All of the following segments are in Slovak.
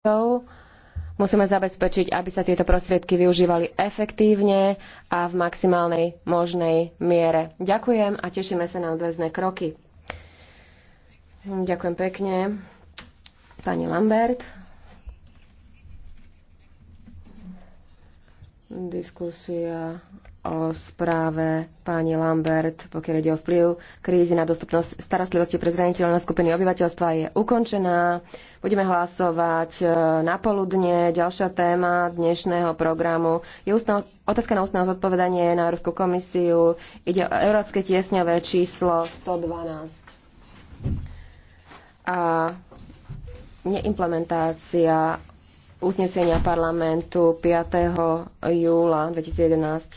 prostriedkov musíme zabezpečiť, aby sa tieto prostriedky využívali efektívne a v maximálnej možnej miere. Ďakujem a tešíme sa na odväzné kroky. Ďakujem pekne. Pani Lambert. diskusia o správe pani Lambert, pokiaľ ide o vplyv krízy na dostupnosť starostlivosti pre zraniteľné skupiny obyvateľstva je ukončená. Budeme hlasovať e, na poludne. Ďalšia téma dnešného programu je ústno, otázka na ústne zodpovedanie na Európsku komisiu. Ide o európske tiesňové číslo 112. A neimplementácia uznesenia parlamentu 5. júla 2011.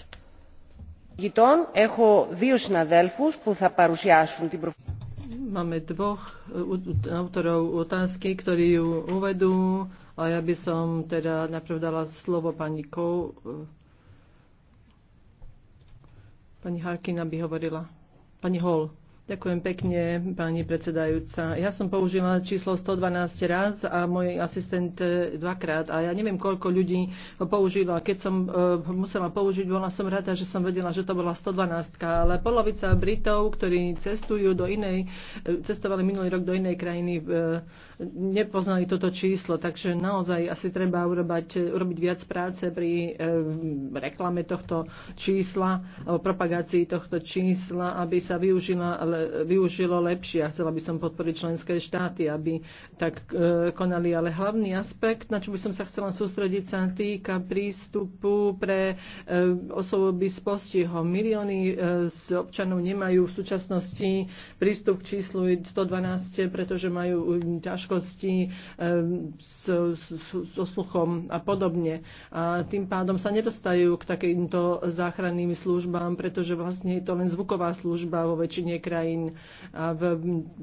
Máme dvoch uh, autorov otázky, ktorí ju uvedú a ja by som teda najprv dala slovo pani Kou. Uh, pani Harkina by hovorila. Pani Hall. Ďakujem pekne, pani predsedajúca. Ja som použila číslo 112 raz a môj asistent e, dvakrát a ja neviem, koľko ľudí ho použilo. Keď som uh, musela použiť, bola som rada, že som vedela, že to bola 112, ale polovica Britov, ktorí cestujú do inej, e, cestovali minulý rok do inej krajiny, nepoznali toto číslo, takže naozaj asi treba urobať, urobiť viac práce pri reklame tohto čísla, alebo propagácii tohto čísla, aby sa využila využilo lepšie. A chcela by som podporiť členské štáty, aby tak e, konali. Ale hlavný aspekt, na čo by som sa chcela sústrediť, sa týka prístupu pre e, osoby s postihom. Milióny e, z občanov nemajú v súčasnosti prístup k číslu 112, pretože majú ťažkosti so sluchom a podobne. A tým pádom sa nedostajú k takýmto záchranným službám, pretože vlastne je to len zvuková služba vo väčšine krajín krajín. A v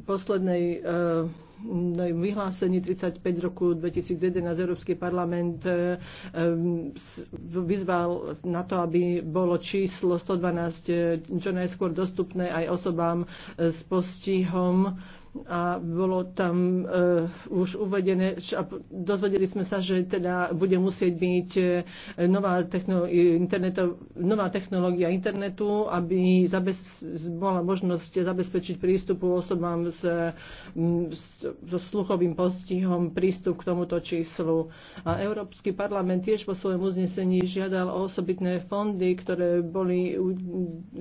poslednej eh, no, vyhlásení 35 roku 2011 Európsky parlament eh, eh, vyzval na to, aby bolo číslo 112 čo najskôr dostupné aj osobám s postihom a bolo tam e, už uvedené, a dozvedeli sme sa, že teda bude musieť byť eh, nová, techno, nová technológia internetu, aby zabez, bola možnosť zabezpečiť prístupu osobám s, mm, s, so sluchovým postihom prístup k tomuto číslu. A Európsky parlament tiež vo svojom uznesení žiadal o osobitné fondy, ktoré boli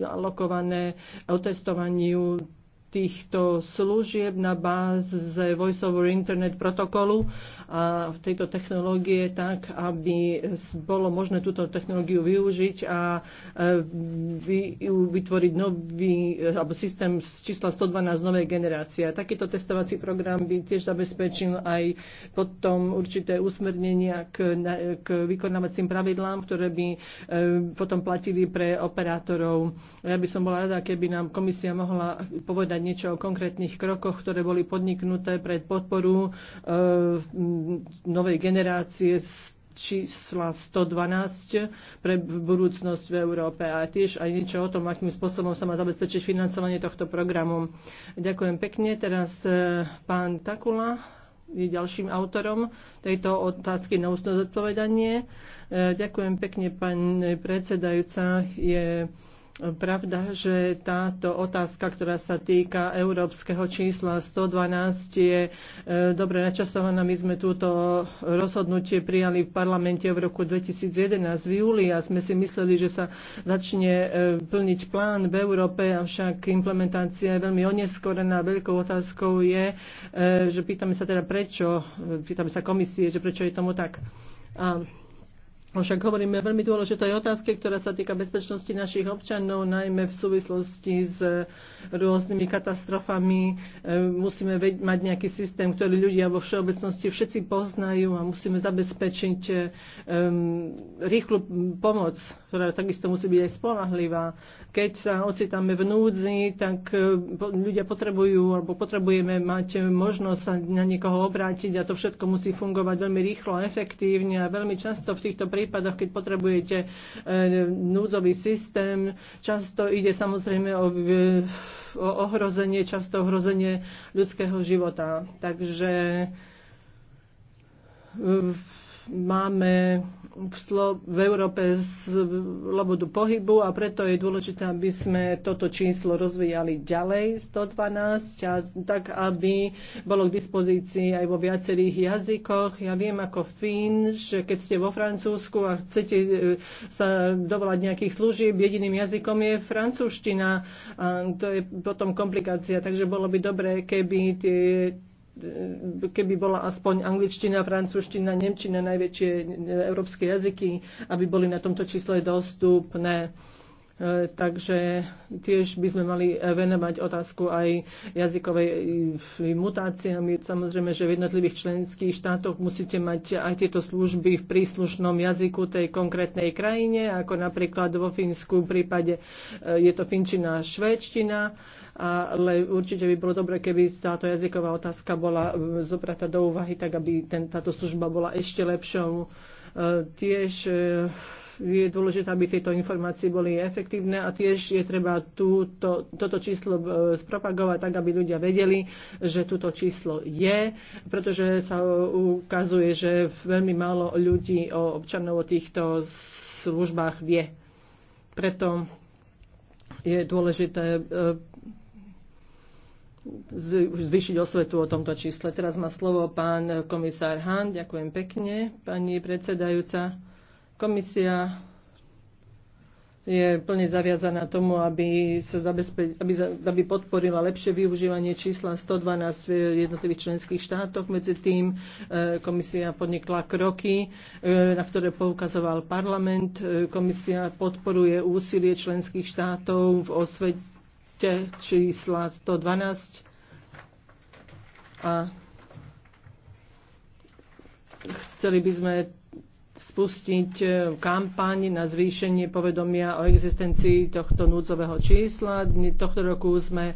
alokované otestovaniu týchto služieb na báze Voice over Internet protokolu a v tejto technológie tak, aby bolo možné túto technológiu využiť a e, vytvoriť nový e, alebo systém z čísla 112 novej generácie. takýto testovací program by tiež zabezpečil aj potom určité usmernenia k, k vykonávacím pravidlám, ktoré by e, potom platili pre operátorov. Ja by som bola rada, keby nám komisia mohla povedať, niečo o konkrétnych krokoch, ktoré boli podniknuté pre podporu e, novej generácie čísla 112 pre budúcnosť v Európe a tiež aj niečo o tom, akým spôsobom sa má zabezpečiť financovanie tohto programu. Ďakujem pekne. Teraz e, pán Takula je ďalším autorom tejto otázky na ústne zodpovedanie. E, ďakujem pekne, pán predsedajúca. Je pravda, že táto otázka, ktorá sa týka európskeho čísla 112, je e, dobre načasovaná. My sme túto rozhodnutie prijali v parlamente v roku 2011 v júli a sme si mysleli, že sa začne e, plniť plán v Európe, avšak implementácia je veľmi oneskorená. Veľkou otázkou je, e, že pýtame sa teda prečo, pýtame sa komisie, že prečo je tomu tak. A však hovoríme o veľmi dôležitej otázke, ktorá sa týka bezpečnosti našich občanov, najmä v súvislosti s e, rôznymi katastrofami. E, musíme mať nejaký systém, ktorý ľudia vo všeobecnosti všetci poznajú a musíme zabezpečiť e, rýchlu pomoc, ktorá takisto musí byť aj spolahlivá. Keď sa ocitáme v núdzi, tak ľudia potrebujú alebo potrebujeme mať možnosť sa na niekoho obrátiť a to všetko musí fungovať veľmi rýchlo a efektívne a veľmi často v týchto prípadoch, keď potrebujete e, núdzový systém, často ide samozrejme o, e, o ohrozenie, často ohrozenie ľudského života. Takže e, máme v, slo- v Európe slobodu pohybu a preto je dôležité, aby sme toto číslo rozvíjali ďalej, 112, a tak aby bolo k dispozícii aj vo viacerých jazykoch. Ja viem ako Fín, že keď ste vo Francúzsku a chcete e, sa dovolať nejakých služieb, jediným jazykom je francúzština. A to je potom komplikácia, takže bolo by dobré, keby tie keby bola aspoň angličtina, francúzština, nemčina, najväčšie e, európske jazyky, aby boli na tomto čísle dostupné. E, takže tiež by sme mali e, venovať otázku aj jazykovej mutáciami. Samozrejme, že v jednotlivých členských štátoch musíte mať aj tieto služby v príslušnom jazyku tej konkrétnej krajine, ako napríklad vo Fínsku v prípade je to finčina a švédština ale určite by bolo dobre, keby táto jazyková otázka bola e, zobratá do úvahy, tak aby ten, táto služba bola ešte lepšou. E, tiež e, je dôležité, aby tieto informácie boli efektívne a tiež je treba túto, toto číslo spropagovať tak, aby ľudia vedeli, že túto číslo je, pretože sa ukazuje, že veľmi málo ľudí o občanov o týchto službách vie. Preto je dôležité zvyšiť osvetu o tomto čísle. Teraz má slovo pán komisár Hahn. Ďakujem pekne, pani predsedajúca. Komisia je plne zaviazaná tomu, aby, sa zabezpe- aby, za- aby podporila lepšie využívanie čísla 112 v jednotlivých členských štátoch. Medzi tým e, komisia podnikla kroky, e, na ktoré poukazoval parlament. E, komisia podporuje úsilie členských štátov v osvete čísla 112 a chceli by sme spustiť e, kampaň na zvýšenie povedomia o existencii tohto núdzového čísla. Tohto roku sme e,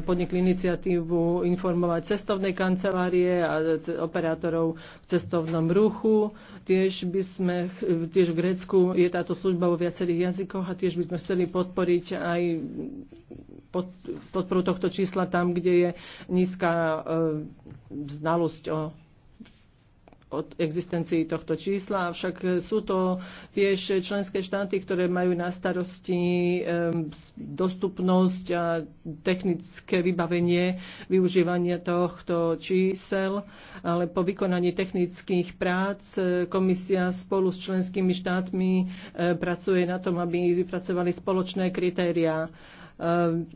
podnikli iniciatívu informovať cestovné kancelárie a operátorov v cestovnom ruchu. Tiež by sme, tiež v Grécku je táto služba vo viacerých jazykoch a tiež by sme chceli podporiť aj podporu tohto čísla tam, kde je nízka e, znalosť o od existencii tohto čísla, avšak sú to tiež členské štáty, ktoré majú na starosti e, dostupnosť a technické vybavenie využívania tohto čísel, ale po vykonaní technických prác e, komisia spolu s členskými štátmi pracuje na tom, aby vypracovali spoločné kritériá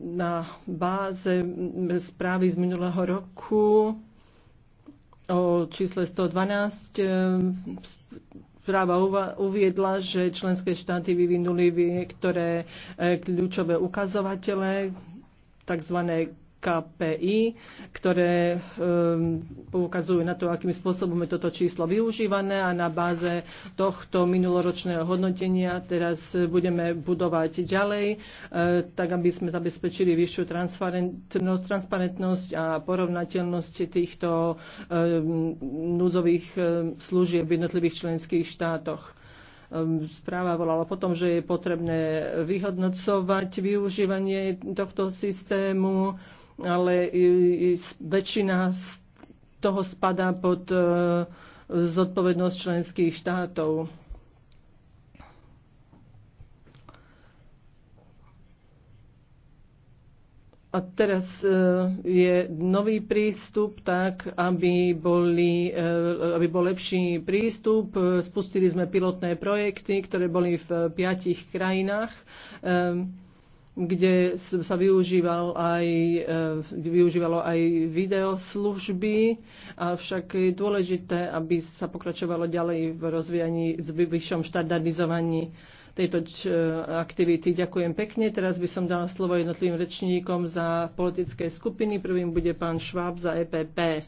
na báze správy z minulého roku o čísle 112 správa uviedla, že členské štáty vyvinuli niektoré eh, kľúčové ukazovatele, tzv. KPI, ktoré um, poukazujú na to, akým spôsobom je toto číslo využívané a na báze tohto minuloročného hodnotenia teraz budeme budovať ďalej, uh, tak aby sme zabezpečili vyššiu transparentnosť, transparentnosť a porovnateľnosť týchto um, núdzových um, služieb v jednotlivých členských štátoch správa volala potom, že je potrebné vyhodnocovať využívanie tohto systému ale väčšina z toho spadá pod e, zodpovednosť členských štátov. A teraz e, je nový prístup tak, aby, boli, e, aby bol lepší prístup. Spustili sme pilotné projekty, ktoré boli v piatich krajinách. Ehm, kde sa využíval aj, e, využívalo aj videoslužby, avšak je dôležité, aby sa pokračovalo ďalej v rozvíjaní s vyššom štandardizovaní tejto e, aktivity. Ďakujem pekne. Teraz by som dala slovo jednotlivým rečníkom za politické skupiny. Prvým bude pán Šváb za EPP.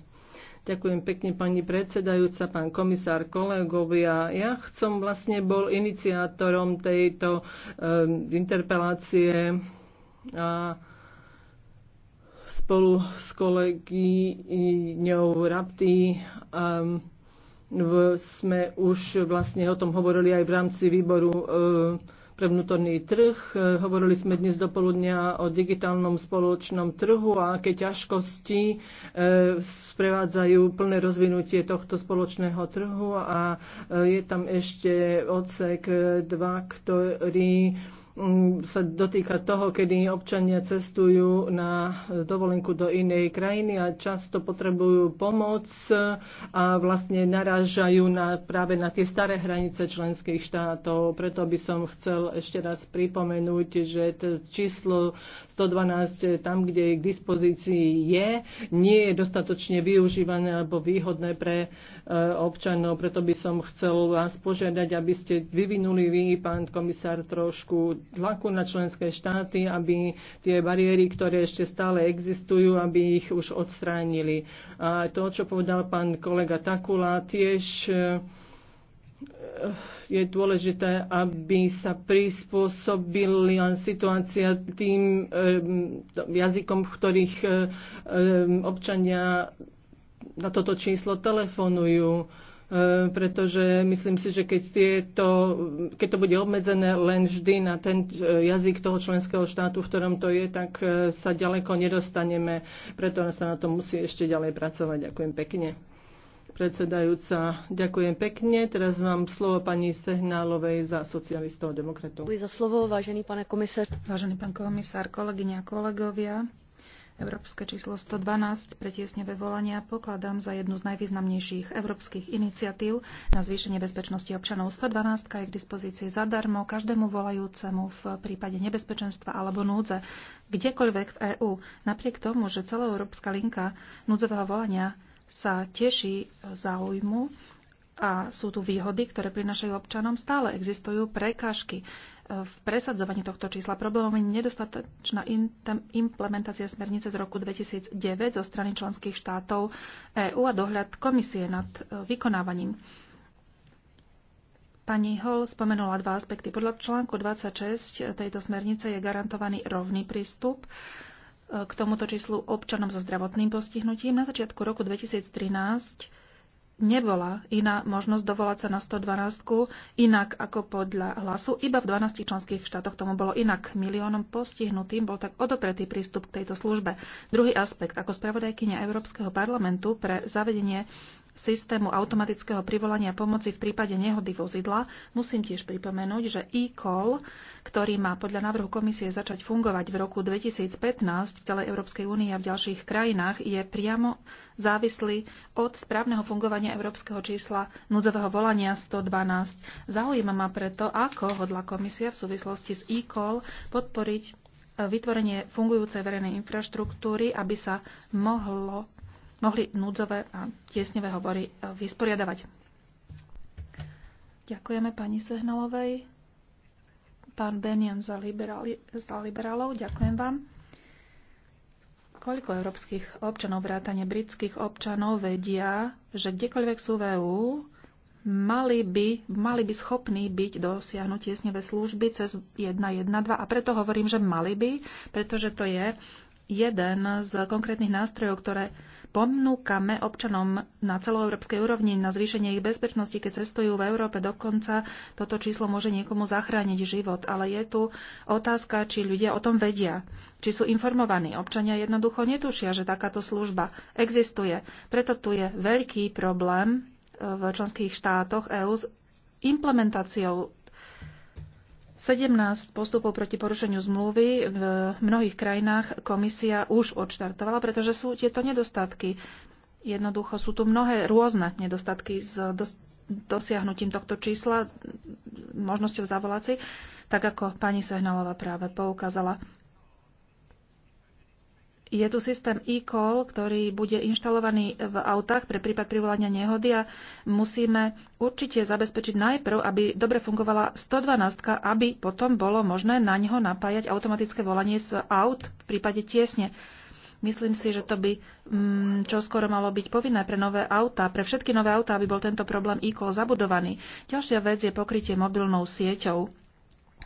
Ďakujem pekne pani predsedajúca, pán komisár, kolegovia. Ja som vlastne bol iniciátorom tejto um, interpelácie a spolu s kolegyňou Rapty um, v, sme už vlastne o tom hovorili aj v rámci výboru um, pre vnútorný trh. E, hovorili sme dnes dopoludnia o digitálnom spoločnom trhu a aké ťažkosti e, sprevádzajú plné rozvinutie tohto spoločného trhu a e, je tam ešte odsek 2, ktorý sa dotýka toho, kedy občania cestujú na dovolenku do inej krajiny a často potrebujú pomoc a vlastne narážajú na, práve na tie staré hranice členských štátov. Preto by som chcel ešte raz pripomenúť, že číslo 112 tam, kde je k dispozícii je, nie je dostatočne využívané alebo výhodné pre e, občanov. Preto by som chcel vás požiadať, aby ste vyvinuli vy, pán komisár, trošku tlaku na členské štáty, aby tie bariéry, ktoré ešte stále existujú, aby ich už odstránili. A to, čo povedal pán kolega Takula, tiež eh, je dôležité, aby sa prispôsobila situácia tým eh, jazykom, v ktorých eh, občania na toto číslo telefonujú E, pretože myslím si, že keď, tieto, keď to bude obmedzené len vždy na ten e, jazyk toho členského štátu, v ktorom to je, tak e, sa ďaleko nedostaneme. Preto sa na to musí ešte ďalej pracovať. Ďakujem pekne predsedajúca. Ďakujem pekne. Teraz vám slovo pani Sehnálovej za socialistov a demokratov. Ďakujem za slovo, vážený pane komisár. Vážený pán komisár, kolegyne a kolegovia. Európske číslo 112 pre tiesnevé volania pokladám za jednu z najvýznamnejších európskych iniciatív na zvýšenie bezpečnosti občanov. 112 je k dispozícii zadarmo každému volajúcemu v prípade nebezpečenstva alebo núdze, kdekoľvek v EÚ. Napriek tomu, že celoeurópska linka núdzového volania sa teší záujmu, a sú tu výhody, ktoré prinašajú občanom, stále existujú prekážky e, v presadzovaní tohto čísla. Problémom je nedostatočná implementácia smernice z roku 2009 zo strany členských štátov EÚ a dohľad komisie nad e, vykonávaním. Pani Hall spomenula dva aspekty. Podľa článku 26 e, tejto smernice je garantovaný rovný prístup k tomuto číslu občanom so zdravotným postihnutím. Na začiatku roku 2013 nebola iná možnosť dovolať sa na 112 inak ako podľa hlasu. Iba v 12 členských štátoch tomu bolo inak. Miliónom postihnutým bol tak odopretý prístup k tejto službe. Druhý aspekt. Ako spravodajkynia Európskeho parlamentu pre zavedenie systému automatického privolania pomoci v prípade nehody vozidla, musím tiež pripomenúť, že e-call, ktorý má podľa návrhu komisie začať fungovať v roku 2015 v celej Európskej únii a v ďalších krajinách, je priamo závislý od správneho fungovania európskeho čísla núdzového volania 112. Zaujíma ma preto, ako hodla komisia v súvislosti s e-call podporiť e, vytvorenie fungujúcej verejnej infraštruktúry, aby sa mohlo mohli núdzové a tiesnevé hovory e, vysporiadavať. Ďakujeme pani Sehnalovej. Pán Benian za, liberáli, za liberálov, ďakujem vám. Koľko európskych občanov, vrátane britských občanov, vedia, že kdekoľvek sú v EU, mali by, mali by schopní byť dosiahnuť tiesnevé služby cez 1.1.2 a preto hovorím, že mali by, pretože to je jeden z konkrétnych nástrojov, ktoré ponúkame občanom na celoeurópskej úrovni na zvýšenie ich bezpečnosti, keď cestujú v Európe. Dokonca toto číslo môže niekomu zachrániť život. Ale je tu otázka, či ľudia o tom vedia, či sú informovaní. Občania jednoducho netušia, že takáto služba existuje. Preto tu je veľký problém v členských štátoch EÚ s implementáciou 17 postupov proti porušeniu zmluvy v mnohých krajinách komisia už odštartovala, pretože sú tieto nedostatky. Jednoducho sú tu mnohé rôzne nedostatky s dosiahnutím tohto čísla, možnosťou zavolať si, tak ako pani Sehnalová práve poukázala. Je tu systém e-call, ktorý bude inštalovaný v autách pre prípad privolania nehody a musíme určite zabezpečiť najprv, aby dobre fungovala 112, aby potom bolo možné na ňo napájať automatické volanie z aut v prípade tiesne. Myslím si, že to by mm, čo skoro malo byť povinné pre nové auta, pre všetky nové auta, aby bol tento problém e-call zabudovaný. Ďalšia vec je pokrytie mobilnou sieťou.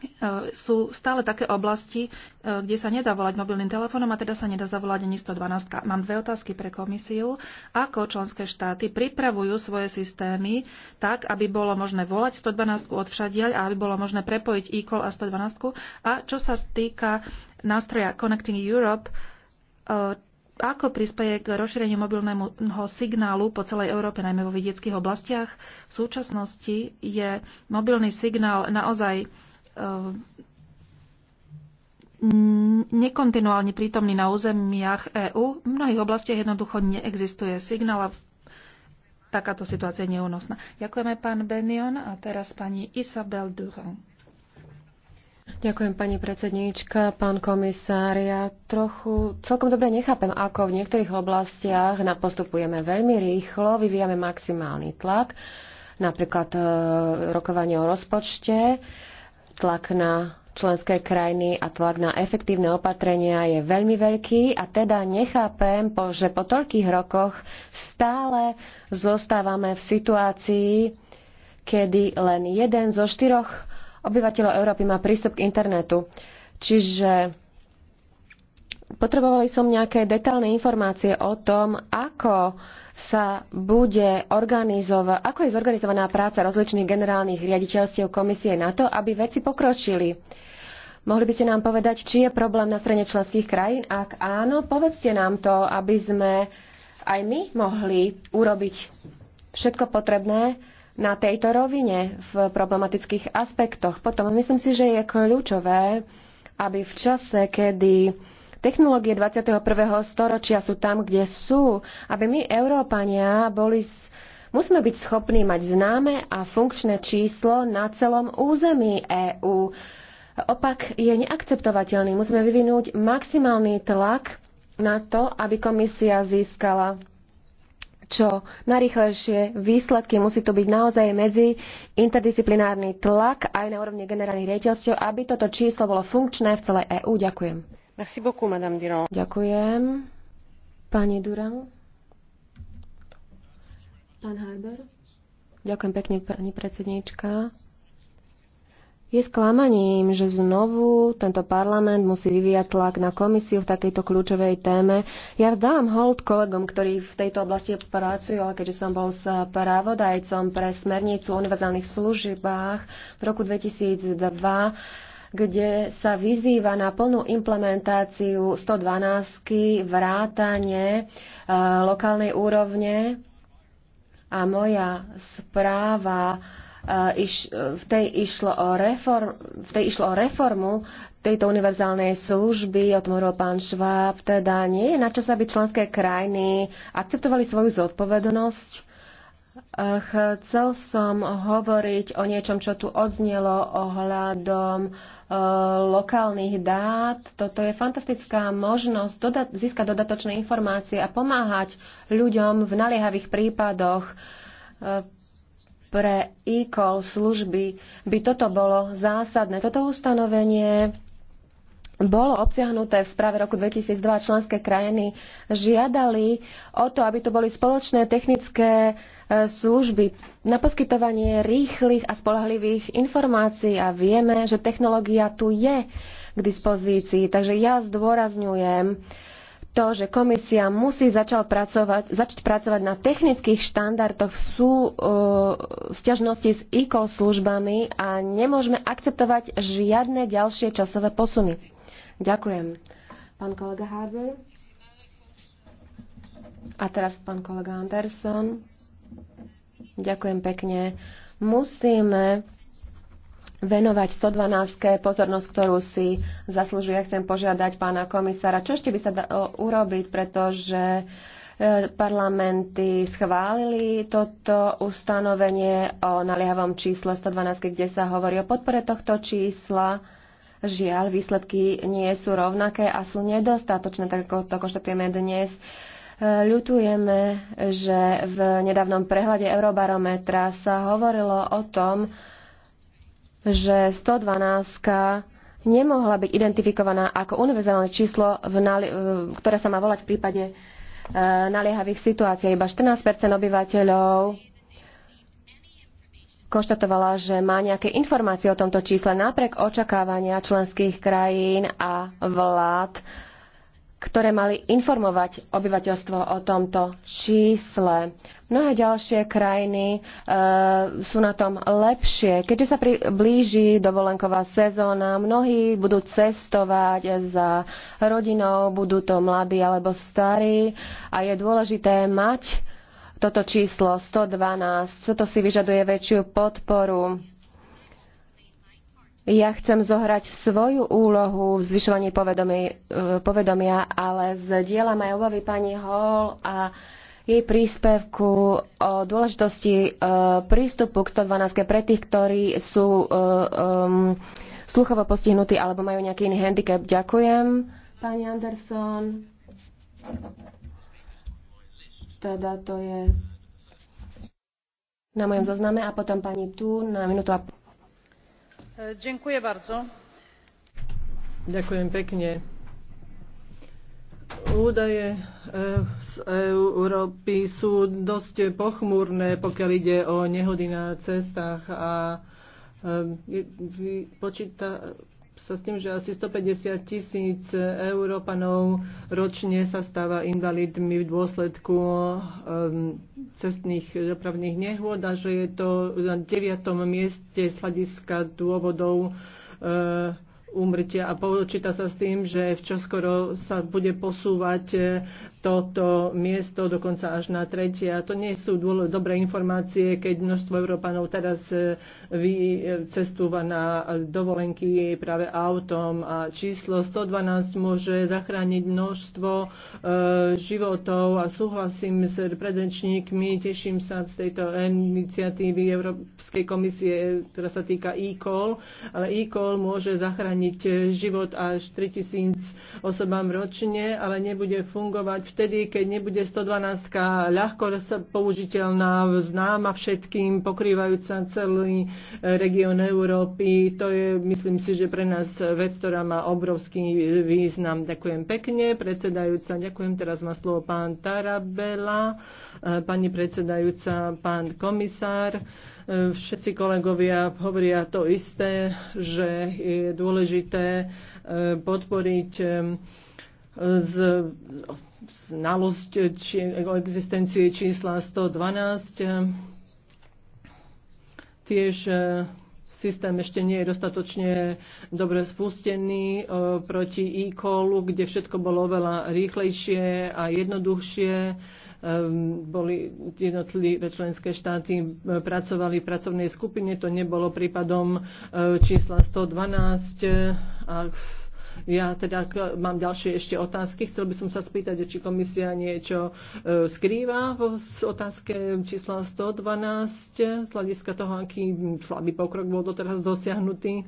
E, sú stále také oblasti, e, kde sa nedá volať mobilným telefónom a teda sa nedá zavolať ani 112. Mám dve otázky pre komisiu. Ako členské štáty pripravujú svoje systémy tak, aby bolo možné volať 112 od všadiaľ a aby bolo možné prepojiť e-call a 112? A čo sa týka nástroja Connecting Europe, e, ako prispieje k rozšíreniu mobilného signálu po celej Európe, najmä vo vidieckých oblastiach? V súčasnosti je mobilný signál naozaj Eh, nekontinuálne prítomný na územiach EÚ. V mnohých oblastiach jednoducho neexistuje signál a takáto situácia je neúnosná. Ďakujeme pán Benion a teraz pani Isabel Duran. Ďakujem, pani predsedníčka, pán komisár. Ja trochu celkom dobre nechápem, ako v niektorých oblastiach napostupujeme veľmi rýchlo, vyvíjame maximálny tlak, napríklad e, rokovanie o rozpočte. E, tlak na členské krajiny a tlak na efektívne opatrenia je veľmi veľký a teda nechápem, že po toľkých rokoch stále zostávame v situácii, kedy len jeden zo štyroch obyvateľov Európy má prístup k internetu. Čiže potrebovali som nejaké detálne informácie o tom, ako sa bude organizovať, ako je zorganizovaná práca rozličných generálnych riaditeľstiev komisie na to, aby veci pokročili. Mohli by ste nám povedať, či je problém na strane členských krajín? Ak áno, povedzte nám to, aby sme aj my mohli urobiť všetko potrebné na tejto rovine v problematických aspektoch. Potom myslím si, že je kľúčové, aby v čase, kedy Technológie 21. storočia sú tam, kde sú. Aby my, Európania, boli Musíme byť schopní mať známe a funkčné číslo na celom území EÚ. Opak je neakceptovateľný. Musíme vyvinúť maximálny tlak na to, aby komisia získala čo najrychlejšie výsledky. Musí to byť naozaj medzi interdisciplinárny tlak aj na úrovni generálnych riaditeľstiev, aby toto číslo bolo funkčné v celej EÚ. Ďakujem. Beaucoup, Ďakujem. Pani Durand. Pán Harber. Ďakujem pekne, pani predsedníčka. Je sklamaním, že znovu tento parlament musí vyvíjať tlak na komisiu v takejto kľúčovej téme. Ja dám hold kolegom, ktorí v tejto oblasti pracujú, ale keďže som bol správodajcom pre smernicu o univerzálnych službách v roku 2002, kde sa vyzýva na plnú implementáciu 112 vrátanie e, lokálnej úrovne a moja správa e, iš, e, v, tej išlo o reform, v tej išlo o reformu tejto univerzálnej služby, o tom hovoril pán Šváb, teda nie je na čas, aby členské krajiny akceptovali svoju zodpovednosť. Chcel som hovoriť o niečom, čo tu odznelo ohľadom Eh, lokálnych dát. Toto je fantastická možnosť doda- získať dodatočné informácie a pomáhať ľuďom v naliehavých prípadoch eh, pre e-call služby by toto bolo zásadné. Toto ustanovenie bolo obsiahnuté v správe roku 2002 členské krajiny žiadali o to, aby to boli spoločné technické e, služby na poskytovanie rýchlych a spolahlivých informácií a vieme, že technológia tu je k dispozícii. Takže ja zdôrazňujem to, že komisia musí začal pracovať, začať pracovať na technických štandardoch sú uh, sťažnosti s e-call službami a nemôžeme akceptovať žiadne ďalšie časové posuny. Ďakujem. Pán kolega Harber. A teraz pán kolega Anderson. Ďakujem pekne. Musíme venovať 112. pozornosť, ktorú si zaslúžuje. Chcem požiadať pána komisára, čo ešte by sa dalo urobiť, pretože e, parlamenty schválili toto ustanovenie o naliehavom čísle 112, kde sa hovorí o podpore tohto čísla Žiaľ, výsledky nie sú rovnaké a sú nedostatočné, tak ako to konštatujeme dnes. E, ľutujeme, že v nedávnom prehľade Eurobarometra sa hovorilo o tom, že 112 nemohla byť identifikovaná ako univerzálne číslo, v nali- e, ktoré sa má volať v prípade e, naliehavých situácií. Iba 14 obyvateľov konštatovala, že má nejaké informácie o tomto čísle napriek očakávania členských krajín a vlád, ktoré mali informovať obyvateľstvo o tomto čísle. Mnohé ďalšie krajiny e, sú na tom lepšie. Keďže sa priblíži blíži dovolenková sezóna, mnohí budú cestovať za rodinou, budú to mladí alebo starí a je dôležité mať toto číslo 112. Toto si vyžaduje väčšiu podporu. Ja chcem zohrať svoju úlohu v zvyšovaní e, povedomia, ale diela majú obavy pani Hall a jej príspevku o dôležitosti e, prístupu k 112 pre tých, ktorí sú e, sluchovo postihnutí alebo majú nejaký iný handicap. Ďakujem, pani Anderson. Teda to je na mojom zozname a potom pani tu na minútu a... Ďakujem bardzo. Ďakujem pekne. Údaje e, z Európy sú dosť pochmúrne, pokiaľ ide o nehody na cestách a e, počíta, sa s tým, že asi 150 tisíc Európanov ročne sa stáva invalidmi v dôsledku ehm, cestných dopravných nehôd a že je to na 9. mieste z hľadiska dôvodov ehm, úmrtia a počíta sa s tým, že v čoskoro sa bude posúvať toto miesto dokonca až na tretie. A to nie sú dobré informácie, keď množstvo Európanov teraz e, vy, e, cestúva na e, dovolenky práve autom a číslo 112 môže zachrániť množstvo e, životov a súhlasím s predenčníkmi, teším sa z tejto iniciatívy Európskej komisie, ktorá sa týka e-call, ale e-call môže zachrániť život až 3000 osobám ročne, ale nebude fungovať v vtedy, keď nebude 112 ľahko použiteľná, známa všetkým, pokrývajúca celý e, región Európy. To je, myslím si, že pre nás vec, ktorá má obrovský význam. Ďakujem pekne, predsedajúca. Ďakujem, teraz má slovo pán Tarabela, e, pani predsedajúca, pán komisár e, všetci kolegovia hovoria to isté, že je dôležité podporiť z znalosť či, o existencii čísla 112. Tiež e, systém ešte nie je dostatočne dobre spustený e, proti e-callu, kde všetko bolo oveľa rýchlejšie a jednoduchšie e, boli jednotlivé členské štáty pracovali v pracovnej skupine, to nebolo prípadom čísla 112 a ja teda mám ďalšie ešte otázky. Chcel by som sa spýtať, či komisia niečo e, skrýva v otázke čísla 112 z hľadiska toho, aký slabý pokrok bol doteraz dosiahnutý.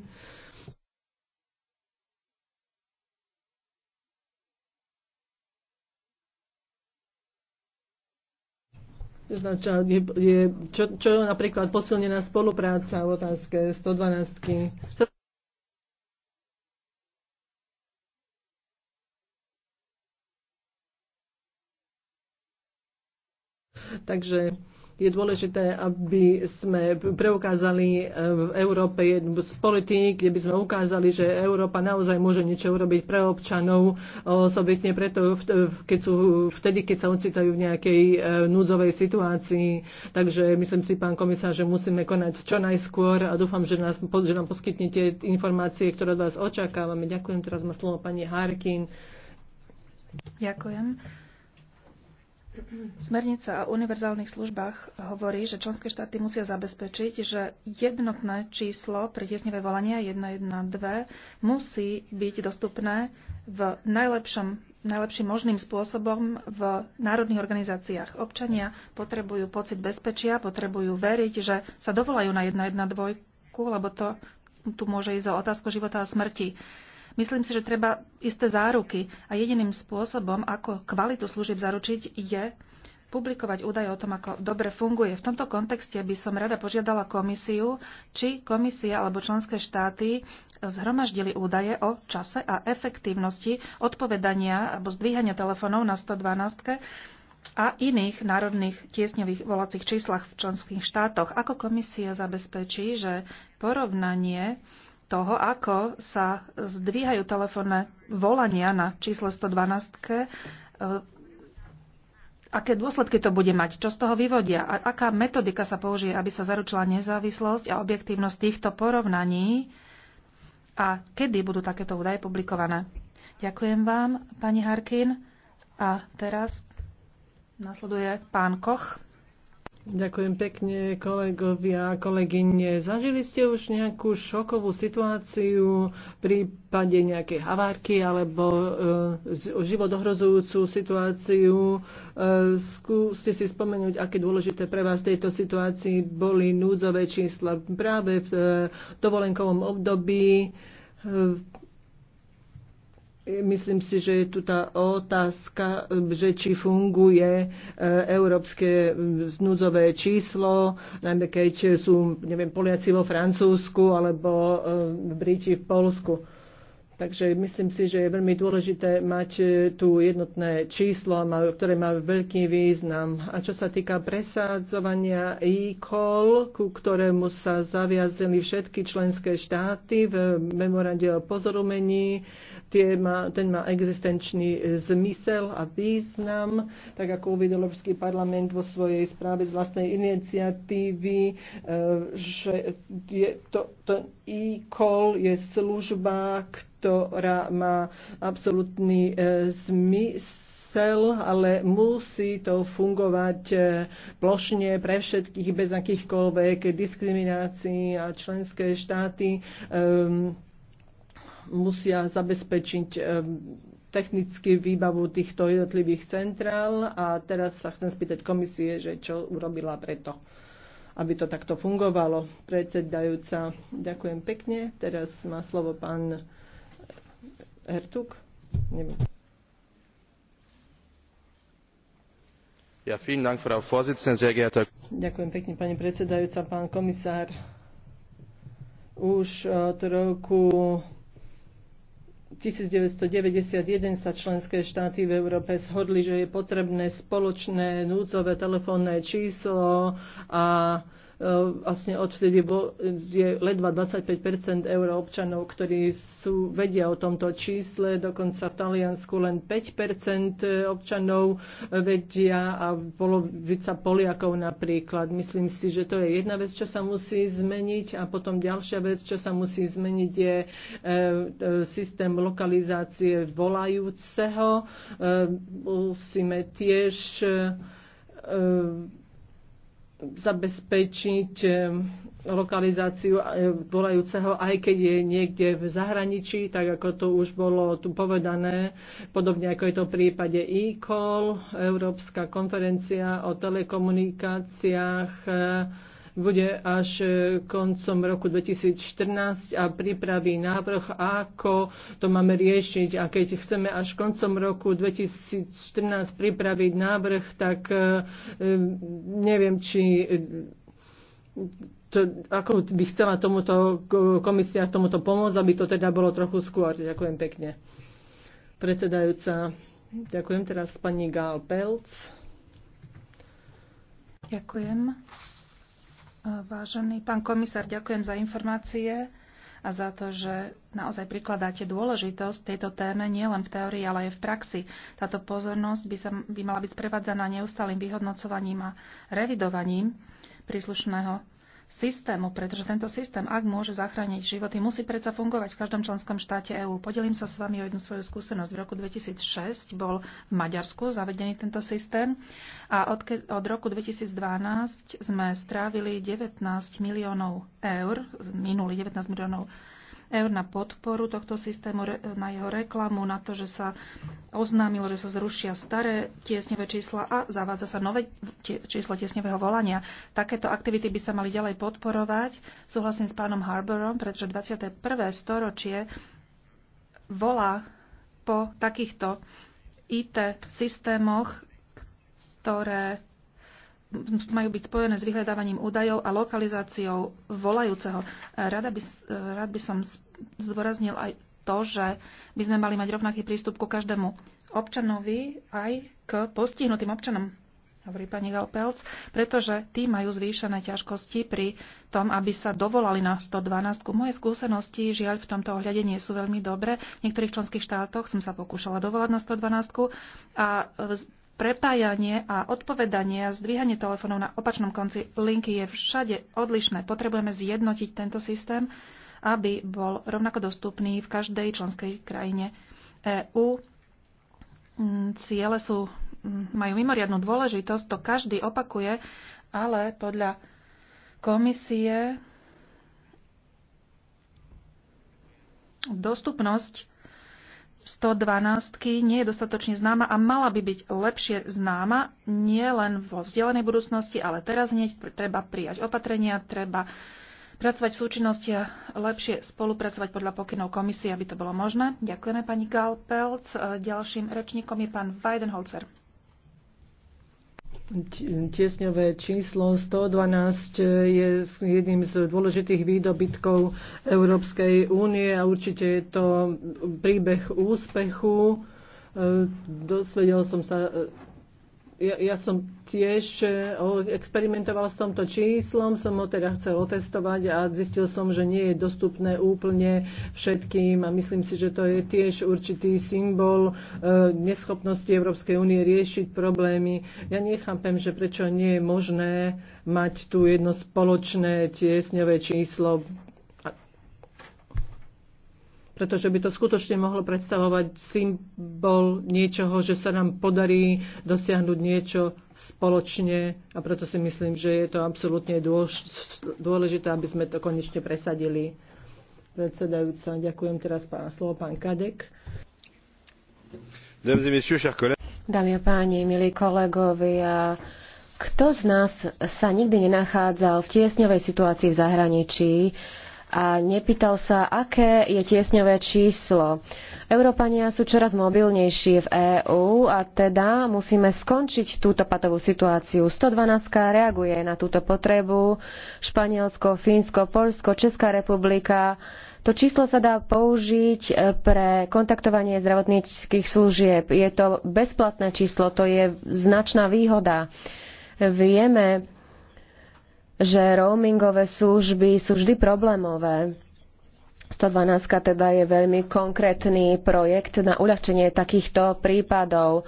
Znača, je, je, čo, čo napríklad posilnená spolupráca v otázke 112. Takže je dôležité, aby sme preukázali e, v Európe jednu z politík, kde by sme ukázali, že Európa naozaj môže niečo urobiť pre občanov, e, osobitne preto, keď sú, vtedy, keď sa ocitajú v nejakej e, núdzovej situácii. Takže myslím si, pán komisár, že musíme konať čo najskôr a dúfam, že, nás, že nám poskytnete informácie, ktoré od vás očakávame. Ďakujem, teraz má slovo pani Harkin. Ďakujem. Smernica o univerzálnych službách hovorí, že členské štáty musia zabezpečiť, že jednotné číslo pre tiesňové volania 112 musí byť dostupné v najlepšom, najlepším možným spôsobom v národných organizáciách. Občania potrebujú pocit bezpečia, potrebujú veriť, že sa dovolajú na 112, lebo to tu môže ísť o otázku života a smrti. Myslím si, že treba isté záruky a jediným spôsobom, ako kvalitu služieb zaručiť, je publikovať údaje o tom, ako dobre funguje. V tomto kontexte by som rada požiadala komisiu, či komisia alebo členské štáty zhromaždili údaje o čase a efektívnosti odpovedania alebo zdvíhania telefónov na 112 a iných národných tiesňových volacích číslach v členských štátoch. Ako komisia zabezpečí, že porovnanie toho, ako sa zdvíhajú telefónne volania na číslo 112, e, aké dôsledky to bude mať, čo z toho vyvodia a aká metodika sa použije, aby sa zaručila nezávislosť a objektívnosť týchto porovnaní a kedy budú takéto údaje publikované. Ďakujem vám, pani Harkin. A teraz nasleduje pán Koch. Ďakujem pekne kolegovia a kolegyne. Zažili ste už nejakú šokovú situáciu v prípade nejakej havárky alebo e, život ohrozujúcu situáciu? E, skúste si spomenúť, aké dôležité pre vás v tejto situácii boli núdzové čísla práve v e, dovolenkovom období. E, Myslím si, že je tu tá otázka, že či funguje e, európske núdzové číslo, najmä keď sú, neviem, Poliaci vo Francúzsku alebo e, Briti v Polsku Takže myslím si, že je veľmi dôležité mať e, tu jednotné číslo, ktoré má veľký význam. A čo sa týka presádzovania e-call, ku ktorému sa zaviazili všetky členské štáty v memorande o pozorumení, tie má, ten má existenčný e, zmysel a význam, tak ako uvidel Európsky parlament vo svojej správe z vlastnej iniciatívy, e, že je to, to e-call je služba, ktorá ktorá má absolútny e, zmysel ale musí to fungovať e, plošne pre všetkých bez akýchkoľvek diskriminácií a členské štáty um, musia zabezpečiť um, technicky výbavu týchto jednotlivých centrál a teraz sa chcem spýtať komisie, že čo urobila preto, aby to takto fungovalo. Predsedajúca, ďakujem pekne. Teraz má slovo pán Hertug? Ja, vielen Dank, Frau Vorsitzende, sehr geehrter... Ďakujem pekne, pani predsedajúca, pán komisár. Už e, od roku 1991 sa členské štáty v Európe shodli, že je potrebné spoločné núdzové telefónne číslo a E, vlastne odvtedy je ledva 25 euroobčanov, ktorí sú, vedia o tomto čísle, dokonca v Taliansku len 5 e, občanov e, vedia a polovica Poliakov napríklad. Myslím si, že to je jedna vec, čo sa musí zmeniť a potom ďalšia vec, čo sa musí zmeniť je systém lokalizácie volajúceho. Musíme tiež zabezpečiť lokalizáciu eh, volajúceho, aj keď je niekde v zahraničí, tak ako to už bolo tu povedané, podobne ako je to v prípade e-call, Európska konferencia o telekomunikáciách, eh, bude až e, koncom roku 2014 a pripraví návrh, ako to máme riešiť. A keď chceme až koncom roku 2014 pripraviť návrh, tak e, e, neviem, či to, ako by chcela tomuto komisia tomuto pomôcť, aby to teda bolo trochu skôr. Ďakujem pekne. Predsedajúca, ďakujem teraz pani Gál Pelc. Ďakujem. Vážený pán komisár, ďakujem za informácie a za to, že naozaj prikladáte dôležitosť tejto téme nielen v teórii, ale aj v praxi. Táto pozornosť by, sa, by mala byť sprevádzaná neustálým vyhodnocovaním a revidovaním príslušného systému, pretože tento systém, ak môže zachrániť životy, musí predsa fungovať v každom členskom štáte EÚ. Podelím sa s vami o jednu svoju skúsenosť. V roku 2006 bol v Maďarsku zavedený tento systém a od, od roku 2012 sme strávili 19 miliónov eur, minuli 19 miliónov eur eur na podporu tohto systému, na jeho reklamu, na to, že sa oznámilo, že sa zrušia staré tiesňové čísla a zavádza sa nové číslo tiesňového volania. Takéto aktivity by sa mali ďalej podporovať. Súhlasím s pánom Harborom, pretože 21. storočie volá po takýchto IT systémoch, ktoré majú byť spojené s vyhľadávaním údajov a lokalizáciou volajúceho. Rada by, rád by som zdôraznil aj to, že by sme mali mať rovnaký prístup ku každému občanovi aj k postihnutým občanom, hovorí pani Galpelc, pretože tí majú zvýšené ťažkosti pri tom, aby sa dovolali na 112. Moje skúsenosti, žiaľ, v tomto ohľade nie sú veľmi dobré. V niektorých členských štátoch som sa pokúšala dovolať na 112 a prepájanie a odpovedanie a zdvíhanie telefónov na opačnom konci linky je všade odlišné. Potrebujeme zjednotiť tento systém, aby bol rovnako dostupný v každej členskej krajine EÚ. Mm, ciele sú, mm, majú mimoriadnú dôležitosť, to každý opakuje, ale podľa komisie dostupnosť 112 nie je dostatočne známa a mala by byť lepšie známa nie len vo vzdelenej budúcnosti, ale teraz hneď treba prijať opatrenia, treba pracovať v súčinnosti a lepšie spolupracovať podľa pokynov komisie, aby to bolo možné. Ďakujeme pani Galpelc. Ďalším rečníkom je pán Weidenholzer tiesňové číslo 112 e, je jedným z dôležitých výdobytkov Európskej únie a určite je to príbeh úspechu. E, dosvedel som sa e, ja, ja som tiež e, experimentoval s tomto číslom, som ho teda chcel otestovať a zistil som, že nie je dostupné úplne všetkým a myslím si, že to je tiež určitý symbol e, neschopnosti Európskej únie riešiť problémy. Ja nechápem, že prečo nie je možné mať tu jedno spoločné tiesňové číslo pretože by to skutočne mohlo predstavovať symbol niečoho, že sa nám podarí dosiahnuť niečo spoločne a preto si myslím, že je to absolútne dôležité, aby sme to konečne presadili. Predsedajúca, ďakujem teraz pána slovo, pán Kadek. Dámy a páni, milí kolegovia, kto z nás sa nikdy nenachádzal v tiesňovej situácii v zahraničí, a nepýtal sa, aké je tiesňové číslo. Európania sú čoraz mobilnejší v EÚ a teda musíme skončiť túto patovú situáciu. 112 reaguje na túto potrebu. Španielsko, Fínsko, Polsko, Česká republika. To číslo sa dá použiť e, pre kontaktovanie zdravotníckých služieb. Je to bezplatné číslo, to je značná výhoda. Vieme, že roamingové služby sú vždy problémové. 112 teda je veľmi konkrétny projekt na uľahčenie takýchto prípadov.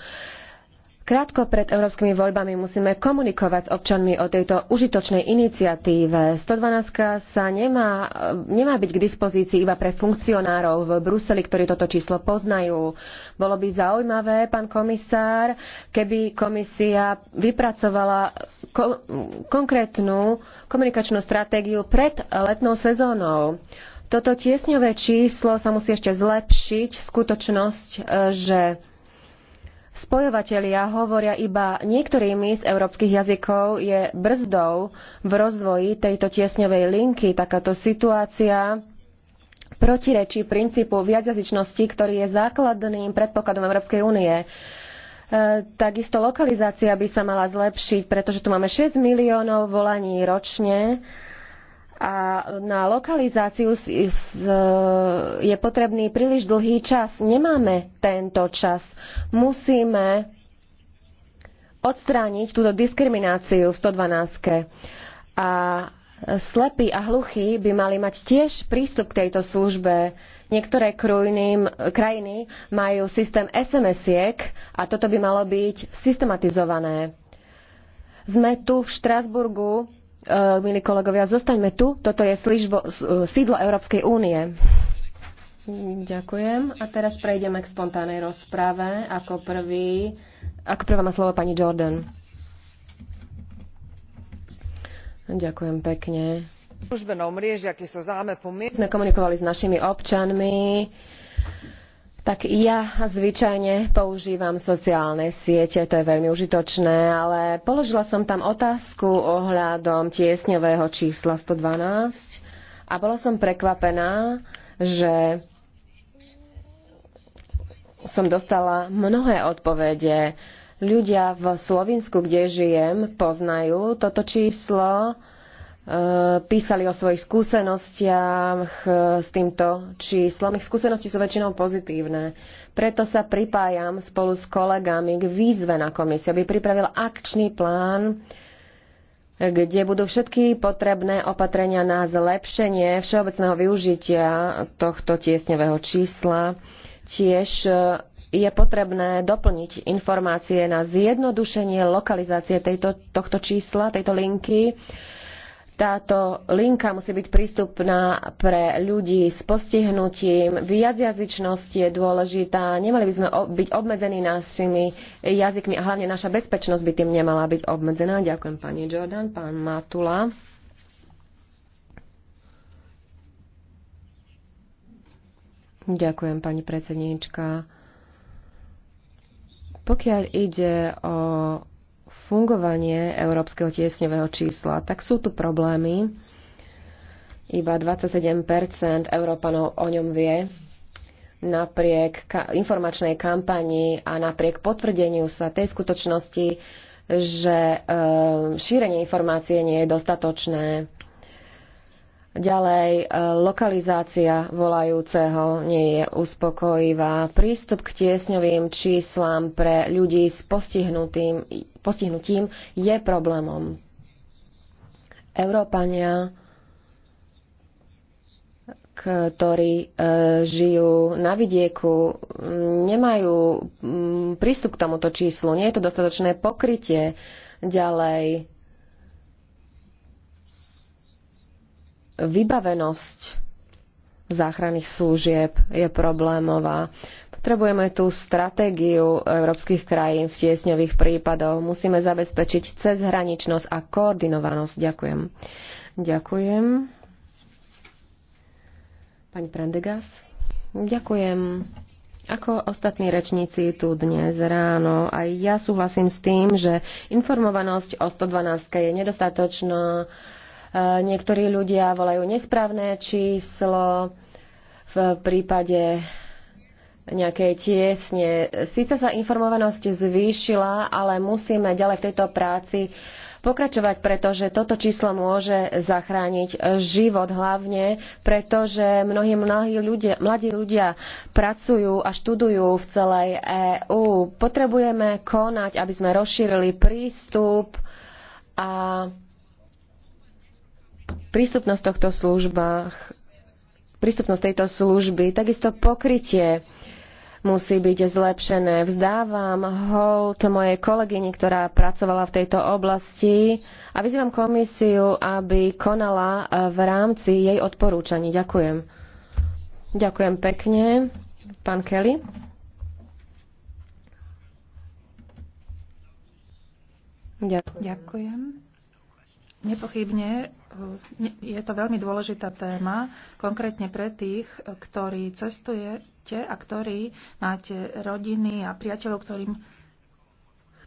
Krátko pred európskymi voľbami musíme komunikovať s občanmi o tejto užitočnej iniciatíve. 112 sa nemá, nemá byť k dispozícii iba pre funkcionárov v Bruseli, ktorí toto číslo poznajú. Bolo by zaujímavé, pán komisár, keby komisia vypracovala ko- konkrétnu komunikačnú stratégiu pred letnou sezónou. Toto tiesňové číslo sa musí ešte zlepšiť. Skutočnosť, e, že spojovatelia hovoria iba niektorými z európskych jazykov, je brzdou v rozvoji tejto tiesňovej linky. Takáto situácia protirečí princípu viacjazyčnosti, ktorý je základným predpokladom Európskej únie. E, takisto lokalizácia by sa mala zlepšiť, pretože tu máme 6 miliónov volaní ročne a na lokalizáciu je potrebný príliš dlhý čas. Nemáme tento čas. Musíme odstrániť túto diskrimináciu v 112. A slepí a hluchí by mali mať tiež prístup k tejto službe. Niektoré krajiny majú systém SMS-iek a toto by malo byť systematizované. Sme tu v Štrasburgu Eh, milí kolegovia, zostaňme tu. Toto je slížbo, eh, sídlo Európskej únie. Ďakujem. A teraz prejdeme k spontánnej rozprave. Ako, prvý, ako prvá má slovo pani Jordan. Ďakujem pekne. Sme komunikovali s našimi občanmi tak ja zvyčajne používam sociálne siete, to je veľmi užitočné, ale položila som tam otázku ohľadom tiesňového čísla 112 a bola som prekvapená, že som dostala mnohé odpovede. Ľudia v Slovensku, kde žijem, poznajú toto číslo, písali o svojich skúsenostiach eh, s týmto číslom. Ich skúsenosti sú väčšinou pozitívne. Preto sa pripájam spolu s kolegami k výzve na komisiu, aby pripravil akčný plán, kde budú všetky potrebné opatrenia na zlepšenie všeobecného využitia tohto tiesňového čísla. Tiež eh, je potrebné doplniť informácie na zjednodušenie lokalizácie tejto, tohto čísla, tejto linky táto linka musí byť prístupná pre ľudí s postihnutím. Viacjazyčnosť je dôležitá. Nemali by sme byť obmedzení našimi jazykmi a hlavne naša bezpečnosť by tým nemala byť obmedzená. Ďakujem pani Jordan, pán Matula. Ďakujem, pani predsedníčka. Pokiaľ ide o fungovanie európskeho tiesňového čísla, tak sú tu problémy. Iba 27 Európanov o ňom vie. Napriek informačnej kampani a napriek potvrdeniu sa tej skutočnosti, že ehm, šírenie informácie nie je dostatočné, Ďalej, e, lokalizácia volajúceho nie je uspokojivá. Prístup k tiesňovým číslam pre ľudí s postihnutým, postihnutím je problémom. Európania, ktorí e, žijú na vidieku, nemajú prístup k tomuto číslu. Nie je to dostatočné pokrytie. Ďalej, vybavenosť záchranných služieb je problémová. Potrebujeme tú stratégiu európskych krajín v tiesňových prípadoch. Musíme zabezpečiť cezhraničnosť a koordinovanosť. Ďakujem. Ďakujem. Pani Prendegas. Ďakujem. Ako ostatní rečníci tu dnes ráno, aj ja súhlasím s tým, že informovanosť o 112 je nedostatočná Eh, niektorí ľudia volajú nesprávne číslo v prípade nejakej tiesne. Sice sa informovanosť zvýšila, ale musíme ďalej v tejto práci pokračovať, pretože toto číslo môže zachrániť život hlavne, pretože mnohí, mnohí ľudia, mladí ľudia pracujú a študujú v celej EÚ. Potrebujeme konať, aby sme rozšírili prístup a prístupnosť tohto službách, prístupnosť tejto služby, takisto pokrytie musí byť zlepšené. Vzdávam hold mojej kolegyni, ktorá pracovala v tejto oblasti a vyzývam komisiu, aby konala v rámci jej odporúčaní. Ďakujem. Ďakujem pekne. Pán Kelly. Ďakujem. Ďakujem. Nepochybne E, je to veľmi dôležitá téma, konkrétne pre tých, ktorí cestujete a ktorí máte rodiny a priateľov, ktorým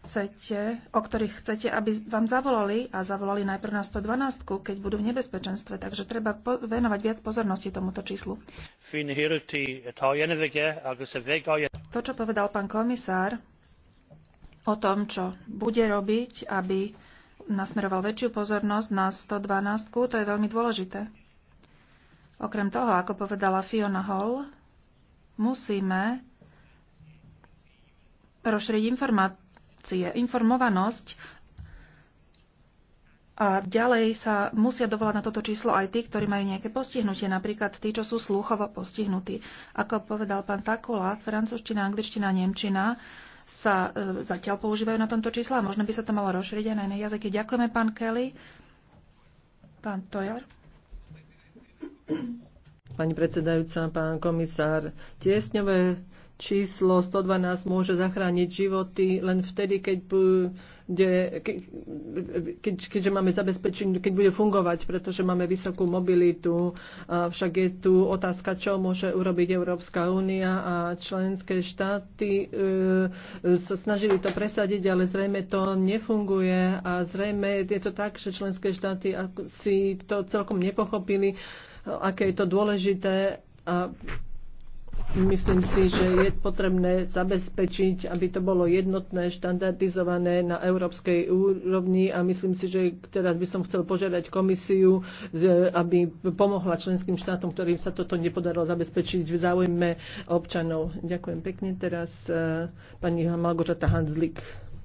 chcete, o ktorých chcete, aby vám zavolali a zavolali najprv na 112, keď budú v nebezpečenstve. Takže treba venovať viac pozornosti tomuto číslu. To, čo povedal pán komisár o tom, čo bude robiť, aby nasmeroval väčšiu pozornosť na 112, to je veľmi dôležité. Okrem toho, ako povedala Fiona Hall, musíme rozšíriť informácie, informovanosť a ďalej sa musia dovolať na toto číslo aj tí, ktorí majú nejaké postihnutie, napríklad tí, čo sú sluchovo postihnutí. Ako povedal pán Takula, francúzština, angličtina, nemčina sa e, zatiaľ používajú na tomto čísle a možno by sa to malo rozšíriť aj na iné jazyky. Ďakujeme, pán Kelly. Pán Tojar. Pani predsedajúca, pán komisár, tiesňové číslo 112 môže zachrániť životy len vtedy, keď, bude, keď, keďže máme zabezpečenie, keď bude fungovať, pretože máme vysokú mobilitu. Však je tu otázka, čo môže urobiť Európska únia a členské štáty e, sa snažili to presadiť, ale zrejme to nefunguje a zrejme je to tak, že členské štáty si to celkom nepochopili, aké je to dôležité a Myslím si, že je potrebné zabezpečiť, aby to bolo jednotné, štandardizované na európskej úrovni a myslím si, že teraz by som chcel požiadať komisiu, e, aby pomohla členským štátom, ktorým sa toto nepodarilo zabezpečiť v záujme občanov. Ďakujem pekne. Teraz e, pani Malgožata Hanzlik.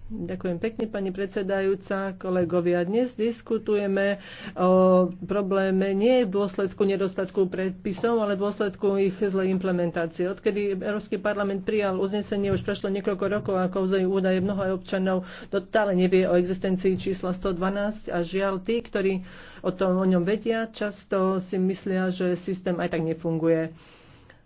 Ďakujem pekne, pani predsedajúca, kolegovia. Dnes diskutujeme o probléme nie v dôsledku nedostatku predpisov, ale v dôsledku ich zlej implementácie. Odkedy Európsky parlament prijal uznesenie, už prešlo niekoľko rokov, ako vzajú údaje mnoho občanov, to stále nevie o existencii čísla 112 a žiaľ tí, ktorí o tom o ňom vedia, často si myslia, že systém aj tak nefunguje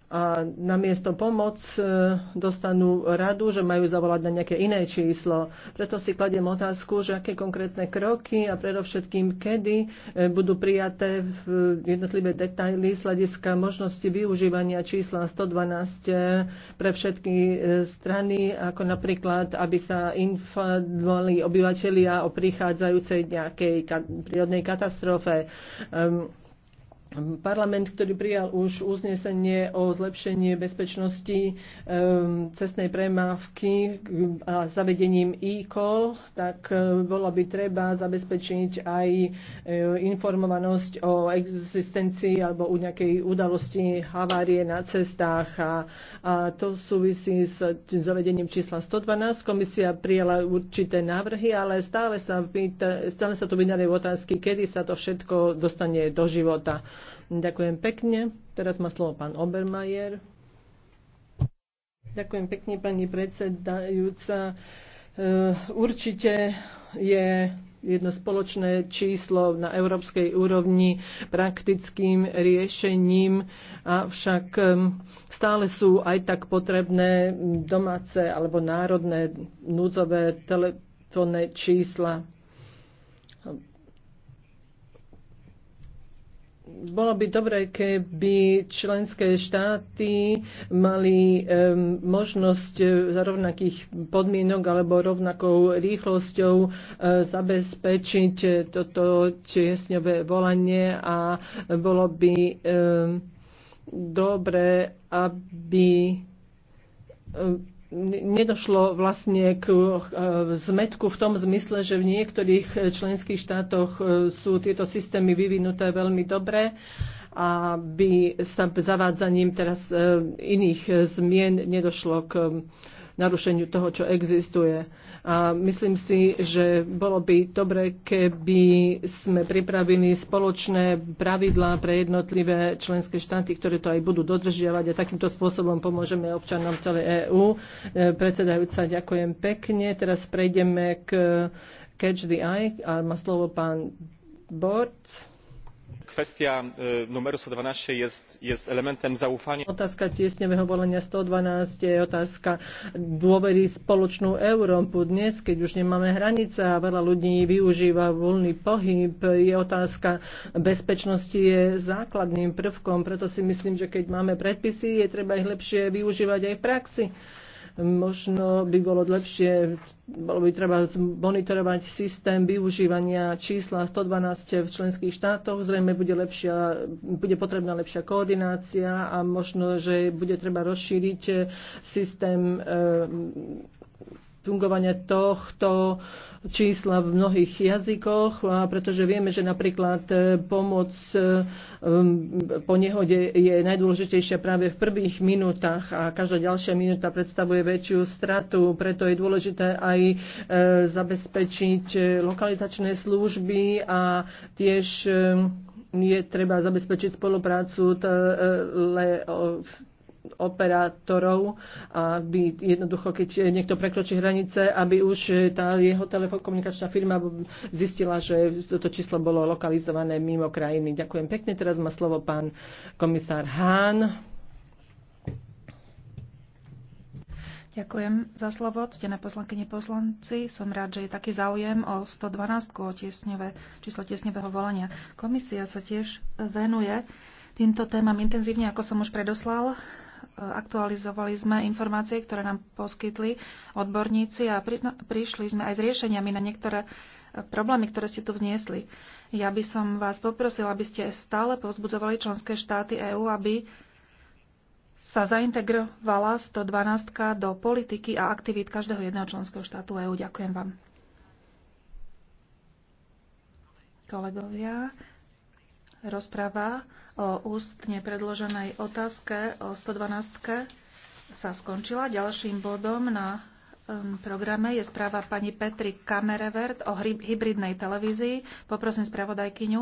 a namiesto pomoc e, dostanú radu, že majú zavolať na nejaké iné číslo. Preto si kladiem otázku, že aké konkrétne kroky a predovšetkým kedy e, budú prijaté jednotlivé detaily z hľadiska možnosti využívania čísla 112 e, pre všetky strany, ako napríklad, aby sa informovali obyvateľia o prichádzajúcej nejakej prírodnej katastrofe. Ehm, Parlament, ktorý prijal už uznesenie o zlepšenie bezpečnosti ehm, cestnej premávky ehm, a zavedením e-call, tak e, bolo by treba zabezpečiť aj e, informovanosť o existencii alebo u nejakej udalosti havárie na cestách. A, a to súvisí s zavedením čísla 112. Komisia prijala určité návrhy, ale stále sa, pýta, stále sa tu vydajú otázky, kedy sa to všetko dostane do života. Ďakujem pekne. Teraz má slovo pán Obermajer. Ďakujem pekne, pani predsedajúca. E, určite je jedno spoločné číslo na európskej úrovni praktickým riešením, avšak e, stále sú aj tak potrebné domáce alebo národné núdzové telefónne čísla bolo by dobre, keby členské štáty mali možnosť e, za rovnakých podmienok alebo rovnakou rýchlosťou e, zabezpečiť e, toto tiesňové volanie a bolo by dobré, dobre, aby nedošlo vlastne k e, zmetku v tom zmysle, že v niektorých členských štátoch e, sú tieto systémy vyvinuté veľmi dobre a by sa zavádzaním teraz e, iných zmien nedošlo k narušeniu toho, čo existuje. A myslím si, že bolo by dobre, keby sme pripravili spoločné pravidlá pre jednotlivé členské štáty, ktoré to aj budú dodržiavať a takýmto spôsobom pomôžeme občanom celej EÚ. E, predsedajúca, ďakujem pekne. Teraz prejdeme k Catch the Eye a má slovo pán Bort kwestia e, numeru sto dwanaście jest elementem zaufania. otázka tiesňového volania sto dvanásť je otázka dôvery spoločnú európu. dnes keď už nemáme hranice a veľa ľudí využíva voľný pohyb je otázka bezpečnosti je základným prvkom preto si myslím že keď máme predpisy je treba ich lepšie využívať aj v praxi. Možno by bolo lepšie, bolo by treba monitorovať systém využívania čísla 112 v členských štátoch. Zrejme bude, lepšia, bude potrebná lepšia koordinácia a možno, že bude treba rozšíriť systém fungovania tohto čísla v mnohých jazykoch, a pretože vieme, že napríklad e, pomoc e, po nehode je najdôležitejšia práve v prvých minútach a každá ďalšia minúta predstavuje väčšiu stratu, preto je dôležité aj e, zabezpečiť lokalizačné služby a tiež je treba zabezpečiť spoluprácu operátorov, aby jednoducho, keď niekto prekročí hranice, aby už tá jeho telekomunikačná firma zistila, že toto číslo bolo lokalizované mimo krajiny. Ďakujem pekne. Teraz má slovo pán komisár Hán. Ďakujem za slovo, ctené poslankyne poslanci. Som rád, že je taký záujem o 112 o tiesňové, číslo tiesňového volania. Komisia sa tiež venuje týmto témam intenzívne, ako som už predoslal aktualizovali sme informácie, ktoré nám poskytli odborníci a pri, no, prišli sme aj s riešeniami na niektoré eh, problémy, ktoré ste tu vzniesli. Ja by som vás poprosila, aby ste stále povzbudzovali členské štáty EÚ, aby sa zaintegrovala 112 do politiky a aktivít každého jedného členského štátu EÚ. Ďakujem vám. Kolegovia, rozprava o ústne predloženej otázke o 112 sa skončila. Ďalším bodom na programe je správa pani Petri Kamerevert o hybridnej televízii. Poprosím spravodajkyňu